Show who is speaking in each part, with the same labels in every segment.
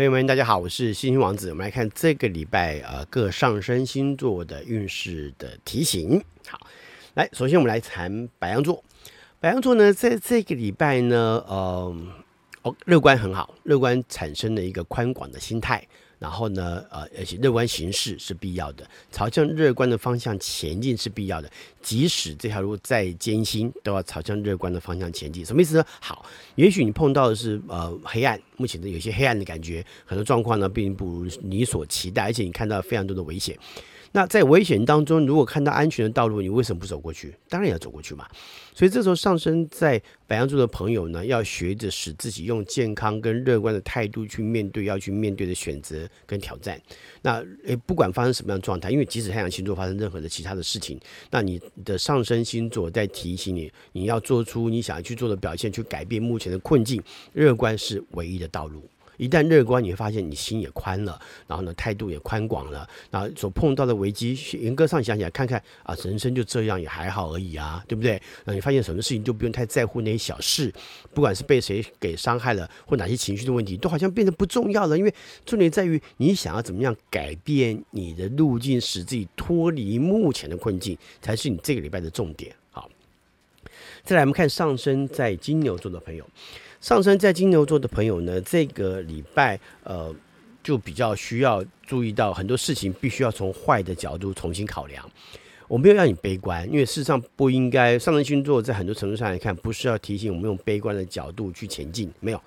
Speaker 1: 朋友們，大家好，我是星星王子。我們來看這個禮拜呃各上升星座的運勢的提醒。好，來，首先我們來談白羊座。白羊座呢，在這個禮拜呢，呃、哦，樂觀很好，樂觀產生了一個寬廣的心態。然後呢，呃，而且樂觀行事是必要的，朝向樂觀的方向前進是必要的。即使這條路再艱辛，都要朝向樂觀的方向前進。什麼意思呢？好，也許你碰到的是呃黑暗，目前的有些黑暗的感覺，很多狀況呢並不如你所期待，而且你看到非常多的危險。那在危險當中，如果看到安全的道路，你為什麼不走過去？當然也要走過去嘛。所以這時候上升在白羊座的朋友呢，要學着使自己用健康跟樂觀的態度去面對要去面對的選擇跟挑戰。那誒、欸，不管發生什麼樣的狀態，因為即使太陽星座發生任何的其他的事情，那你的上升星座在提醒你，你要做出你想要去做的表現，去改變目前的困境。樂觀是唯一的道路。一旦樂觀，你會發現你心也寬了，然後呢，態度也寬廣了。那所碰到的危機，嚴格上想起來，看看啊，人生就這樣也還好而已啊，對不對？那、啊、你發現什麼事情都不用太在乎那些小事，不管是被誰給傷害了，或哪些情緒的問題，都好像變得不重要了。因為重點在於你想要怎麼樣改變你的路徑，使自己脫離目前的困境，才是你這個禮拜的重點。好，再來，我們看上升在金牛座的朋友。上升在金牛座的朋友呢，這個禮拜呃，就比較需要注意到很多事情，必須要從壞的角度重新考量。我沒有要你悲觀，因為事實上不應該。上升星座在很多程度上來看，不是要提醒我們用悲觀的角度去前進，沒有。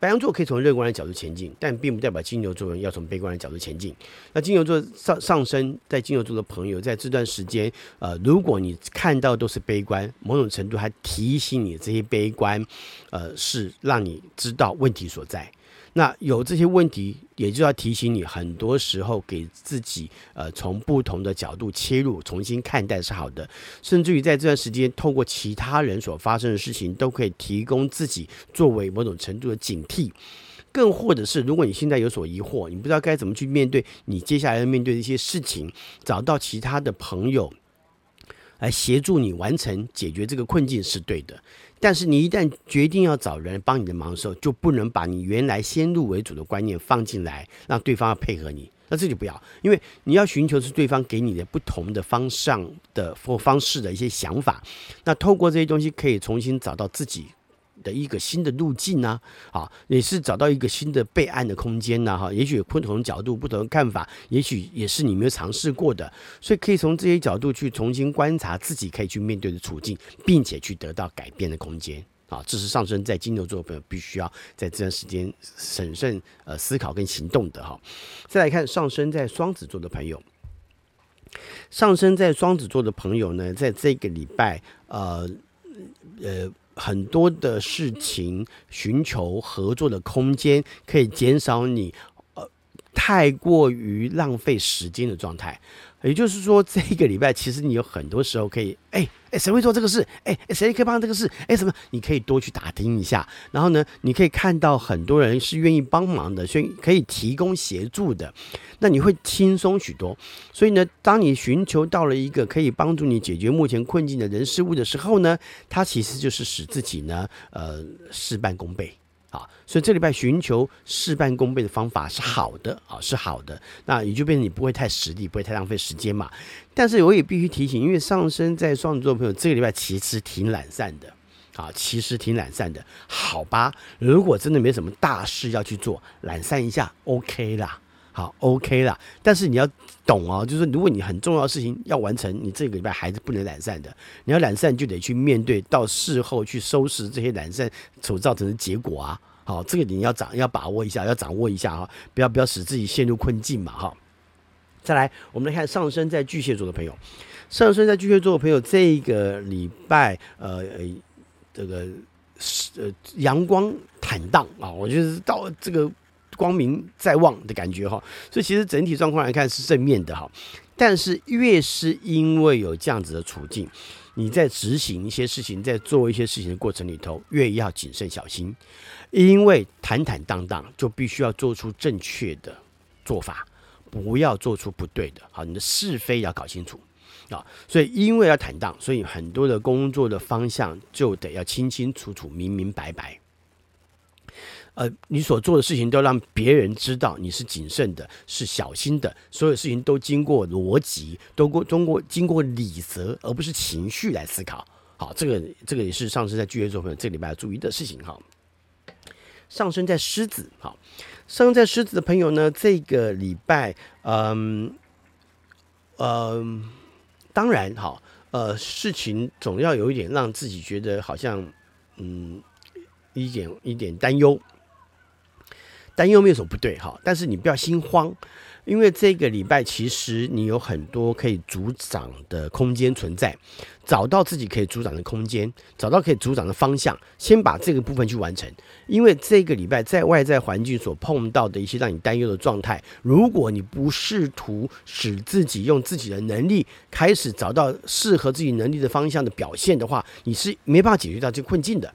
Speaker 1: 白羊座可以從樂觀的角度前進，但並不代表金牛座人要從悲觀的角度前進。那金牛座上上升，在金牛座的朋友在這段時間，呃，如果你看到都是悲觀，某種程度還提醒你這些悲觀，呃，是讓你知道問題所在。那有這些問題，也就要提醒你，很多時候給自己，呃，從不同的角度切入，重新看待是好的。甚至於在這段時間，透過其他人所發生的事情，都可以提供自己作為某種程度的警惕。更或者是，如果你現在有所疑惑，你不知道該怎麼去面對你接下來要面對的一些事情，找到其他的朋友來協助你完成解決這個困境是對的。但是你一旦決定要找人幫你的忙的時候，就不能把你原來先入為主的觀念放進來，讓對方要配合你，那這就不要，因為你要尋求是對方給你的不同的方向的或方式的一些想法，那透過這些東西可以重新找到自己的一個新的路徑呢，啊，也是找到一個新的備案的空間呢，哈，也許有不同角度、不同的看法，也許也是你沒有嘗試過的，所以可以從這些角度去重新觀察自己可以去面對的處境，並且去得到改變的空間，啊，這是上升在金牛座的朋友必須要在這段時間審慎呃思考跟行動的哈。再來看上升在雙子座的朋友，上升在雙子座的朋友呢，在這個禮拜呃呃。呃很多的事情，尋求合作的空間，可以減少你太過於浪費時間的狀態，也就是說，這個禮拜其實你有很多時候可以，哎哎，誰會做這個事？哎哎，誰可以幫這個事？哎，什麼？你可以多去打聽一下，然後呢，你可以看到很多人是願意幫忙的，所以可以提供協助的，那你會輕鬆許多。所以呢，當你尋求到了一個可以幫助你解決目前困境的人事物的時候呢，它其實就是使自己呢，呃，事半功倍。啊，所以這禮拜尋求事半功倍的方法是好的啊，是好的。那也就變成你不會太實力，不會太浪費時間嘛。但是我也必須提醒，因為上升在雙子座朋友，這個禮拜其實挺懶散的啊，其實挺懶散的。好吧，如果真的沒什麼大事要去做，懶散一下，OK 啦。好，OK 啦，但是你要懂哦、啊，就是如果你很重要的事情要完成，你這個禮拜還是不能懶散的。你要懶散，就得去面對，到事後去收拾這些懶散所造成的結果啊。好，這個你要掌要把握一下，要掌握一下哈，不要不要使自己陷入困境嘛哈。再來，我們來看上升在巨蟹座的朋友，上升在巨蟹座的朋友，這個禮拜呃，這個是、呃、陽光坦蕩啊，我覺得到這個。光明在望的感覺哈，所以其實整體狀況來看是正面的哈。但是越是因為有這樣子的處境，你在執行一些事情、在做一些事情的過程裡頭，越要謹慎小心，因為坦坦蕩蕩就必須要做出正確的做法，不要做出不對的。好，你的是非要搞清楚啊。所以因為要坦蕩，所以很多的工作的方向就得要清清楚楚、明明白白。呃，你所做的事情都讓別人知道，你是謹慎的，是小心的，所有事情都經過邏輯，都過通過經過理則，而不是情緒來思考。好，這個這個也是上升在巨蟹座朋友這個禮拜要注意的事情。哈，上升在獅子，哈，上升在獅子的朋友呢，這個禮拜，嗯，嗯，當然，好，呃，事情總要有一點讓自己覺得好像，嗯，一點一點擔憂。擔憂沒有什麼不對哈，但是你不要心慌，因為這個禮拜其實你有很多可以主掌的空間存在，找到自己可以主掌的空間，找到可以主掌的方向，先把這個部分去完成。因為這個禮拜在外在環境所碰到的一些讓你擔憂的狀態，如果你不試圖使自己用自己的能力開始找到適合自己能力的方向的表現的話，你是沒辦法解決掉這個困境的。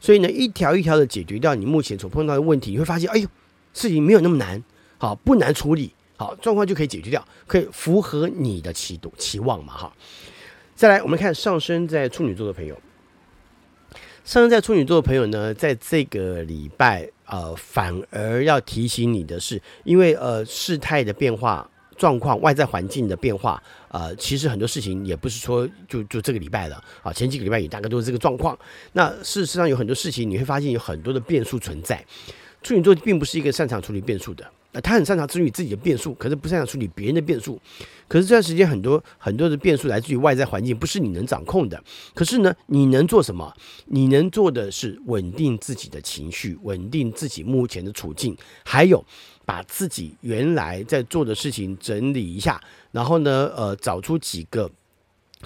Speaker 1: 所以呢，一條一條的解決掉你目前所碰到的問題，你會發現，哎呦。事情沒有那麼難，好不難處理，好狀況就可以解決掉，可以符合你的期度期望嘛？哈，再來我們看上升在處女座的朋友，上升在處女座的朋友呢，在這個禮拜呃，反而要提醒你的是，因為呃事態的變化狀況、外在環境的變化，呃，其實很多事情也不是說就就這個禮拜了啊，前幾個禮拜也大概都是這個狀況。那事實上有很多事情，你會發現有很多的變數存在。處女座並不是一個擅長處理變數的，呃，他很擅長處理自己的變數，可是，不擅長處理別人的變數。可是這段時間很多很多的變數來自於外在環境，不是你能掌控的。可是呢，你能做什麼？你能做的是穩定自己的情緒，穩定自己目前的處境，還有把自己原來在做的事情整理一下，然後呢，呃，找出幾個。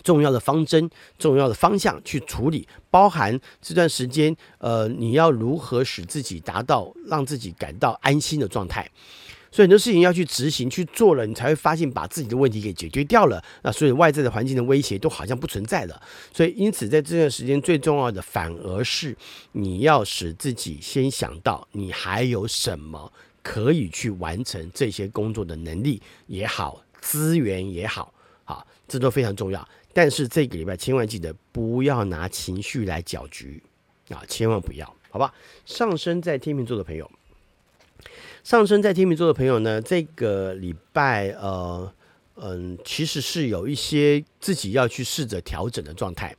Speaker 1: 重要的方針、重要的方向去處理，包含這段時間，呃，你要如何使自己達到讓自己感到安心的狀態？所以很多事情要去執行去做了，你才會發現把自己的問題給解決掉了。那所以外在的環境的威脅都好像不存在了。所以因此在這段時間最重要的反而是你要使自己先想到你還有什麼可以去完成這些工作的能力也好、資源也好，好，這都非常重要。但是這個禮拜千萬記得不要拿情緒來攪局啊，千萬不要，好吧？上升在天秤座的朋友，上升在天秤座的朋友呢，這個禮拜呃嗯，其實是有一些自己要去試着調整的狀態。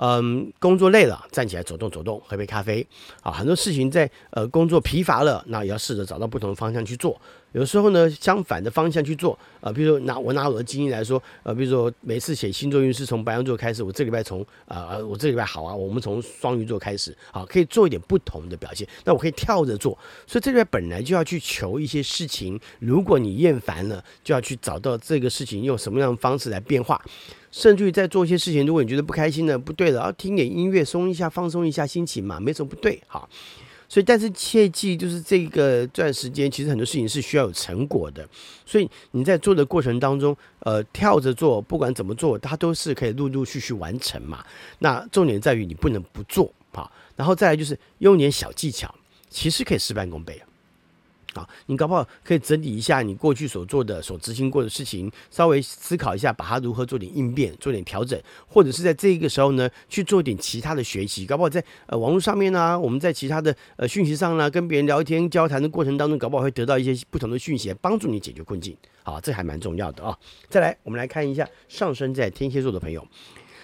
Speaker 1: 嗯，工作累了，站起來走動走動，喝杯咖啡啊。很多事情在呃工作疲乏了，那也要試着找到不同的方向去做。有時候呢，相反的方向去做啊、呃，比如說拿我拿我的經驗來說，呃，比如說每次寫星座運勢從白羊座開始，我這禮拜從啊、呃，我這禮拜好啊，我們從雙魚座開始，好，可以做一點不同的表現。那我可以跳着做，所以這裡邊本來就要去求一些事情。如果你厭煩了，就要去找到這個事情用什麼樣的方式來變化，甚至於在做一些事情，如果你覺得不開心呢，不對了，要、啊、聽點音樂，鬆一下，放鬆一下心情嘛，沒什麼不對，好。所以，但是切記，就是這個段時間，其實很多事情是需要有成果的。所以你在做的過程當中，呃，跳着做，不管怎麼做，它都是可以陸陸續續完成嘛。那重點在於你不能不做，啊，然後再來就是用點小技巧，其實可以事半功倍。你搞不好可以整理一下你過去所做的、所執行過的事情，稍微思考一下，把它如何做點應變、做點調整，或者是在這一個時候呢去做點其他的學習，搞不好在呃網絡上面呢、啊，我們在其他的呃訊息上呢、啊，跟別人聊天、交談的過程當中，搞不好會得到一些不同的訊息，幫助你解決困境。好，這還蠻重要的啊。再來，我們來看一下上升在天蠍座的朋友，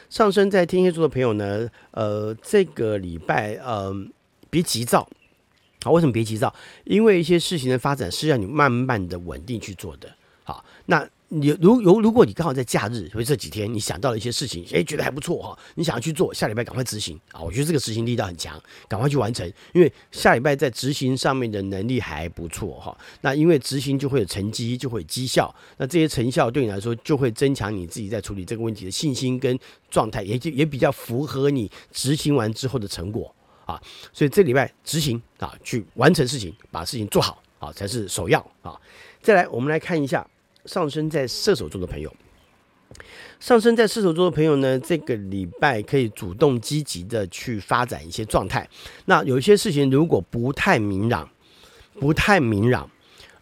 Speaker 1: 上升在天蠍座的朋友呢，呃，這個禮拜呃，別急躁。好，為什麼別急躁？因為一些事情的發展是要你慢慢的穩定去做的。好，那你如如如果你剛好在假日，或者這幾天，你想到了一些事情，誒，覺得還不錯哈，你想要去做，下禮拜趕快執行啊！我覺得這個執行力道很強，趕快去完成，因為下禮拜在執行上面的能力還不錯哈。那因為執行就會有成績，就會有績效，那這些成效對你來說就會增強你自己在處理這個問題的信心跟狀態，也就也比較符合你執行完之後的成果。啊，所以這禮拜執行啊，去完成事情，把事情做好啊，才是首要啊。再來，我們來看一下上升在射手座的朋友，上升在射手座的朋友呢，這個禮拜可以主動積極的去發展一些狀態。那有一些事情如果不太明朗，不太明朗。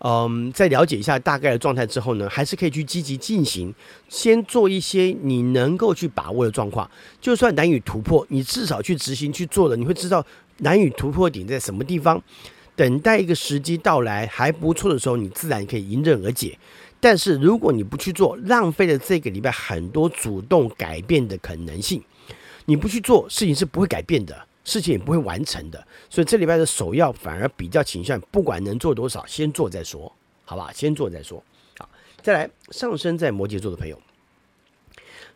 Speaker 1: 嗯，在了解一下大概的狀態之後呢，還是可以去積極進行，先做一些你能夠去把握的狀況，就算難以突破，你至少去執行去做了，你會知道難以突破點在什麼地方，等待一個時機到來還不錯的時候，你自然可以迎刃而解。但是如果你不去做，浪費了這個禮拜很多主動改變的可能性，你不去做，事情是不會改變的。事情也不會完成的，所以這禮拜的首要反而比較傾向，不管能做多少，先做再說，好不好？先做再說，好，再來上升在摩羯座的朋友，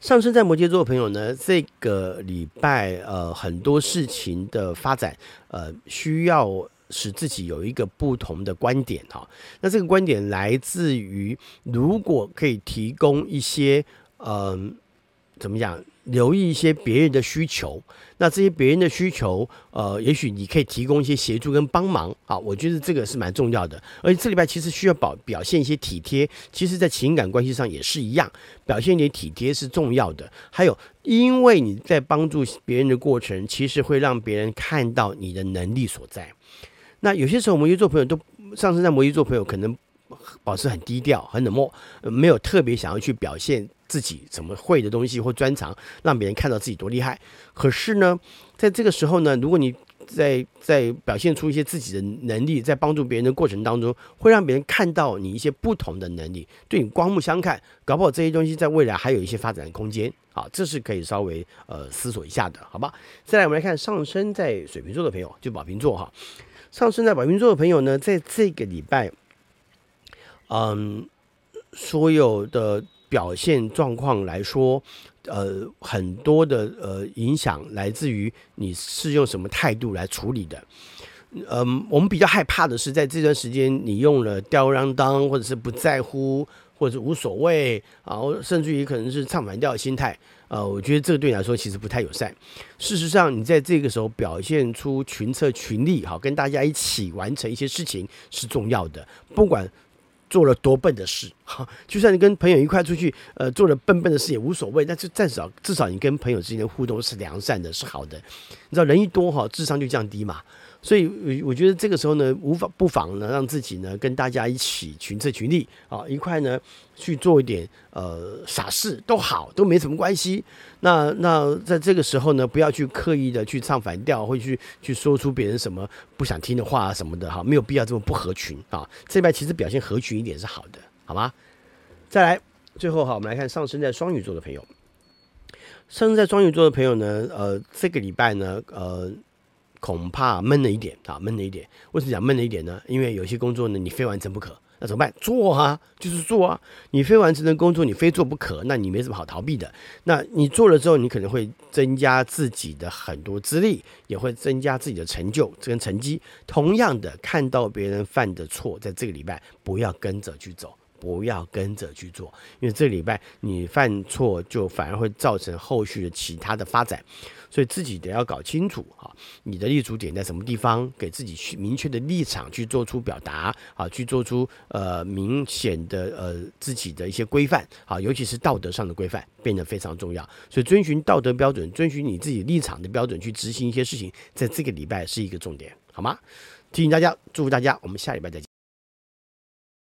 Speaker 1: 上升在摩羯座的朋友呢，這個禮拜呃很多事情的發展，呃需要使自己有一個不同的觀點哈、哦。那這個觀點來自於，如果可以提供一些嗯、呃，怎麼講？留意一些別人的需求，那這些別人的需求，呃，也許你可以提供一些協助跟幫忙啊。我覺得這個是蠻重要的，而且這禮拜其實需要表表現一些體貼。其實，在情感關係上也是一樣，表現一些體貼是重要的。還有，因為你在幫助別人的過程，其實會讓別人看到你的能力所在。那有些時候，摩羯座朋友都上升在摩羯座朋友可能保持很低調、很冷漠，沒有特別想要去表現。自己怎麼會的東西或專長，讓別人看到自己多厲害。可是呢，在這個時候呢，如果你在在表現出一些自己的能力，在幫助別人的過程當中，會讓別人看到你一些不同的能力，對你刮目相看。搞不好這些東西在未來還有一些發展的空間。好，這是可以稍微呃思索一下的，好吧？再來，我們來看上升在水瓶座的朋友，就寶瓶座哈。上升在寶瓶座的朋友呢，在這個禮拜，嗯，所有的。表現狀況來說，呃，很多的呃影響來自於你是用什麼態度來處理的。嗯，我們比較害怕的是在這段時間你用了吊兒郎當，或者是不在乎，或者是無所謂，然後甚至於可能是唱反調的心態。呃，我覺得這個對你來說其實不太友善。事實上，你在這個時候表現出群策群力，哈，跟大家一起完成一些事情是重要的。不管。做了多笨的事，哈，就算你跟朋友一塊出去，呃，做了笨笨的事也無所謂，但是至少至少你跟朋友之間的互動是良善的，是好的，你知道人一多哈，智商就降低嘛。所以，我我覺得這個時候呢，無法不妨呢，讓自己呢跟大家一起群策群力啊，一塊呢去做一點呃傻事都好，都沒什麼關係。那那在這個時候呢，不要去刻意的去唱反調，或去去說出別人什麼不想聽的話啊什麼的哈，沒有必要這麼不合群啊。這禮拜其實表現合群一點是好的，好嗎？再來，最後哈，我們來看上升在雙魚座的朋友，上升在雙魚座的朋友呢，呃，這個禮拜呢，呃。恐怕悶了一點啊，悶了一點。為什麼講悶了一點呢？因為有些工作呢，你非完成不可。那怎麼辦？做啊，就是做啊。你非完成的工作，你非做不可。那你沒什麼好逃避的。那你做了之後，你可能會增加自己的很多資歷，也會增加自己的成就、這跟成績。同樣的，看到別人犯的錯，在這個禮拜不要跟着去走。不要跟着去做，因為這個禮拜你犯錯，就反而會造成後續的其他的發展。所以自己得要搞清楚啊，你的立足點在什麼地方，給自己去明確的立場去做出表達啊，去做出呃明顯的呃自己的一些規範啊，尤其是道德上的規範變得非常重要。所以遵循道德標準，遵循你自己立場的標準去執行一些事情，在這個禮拜是一個重點，好嗎？提醒大家，祝福大家，我們下禮拜再見。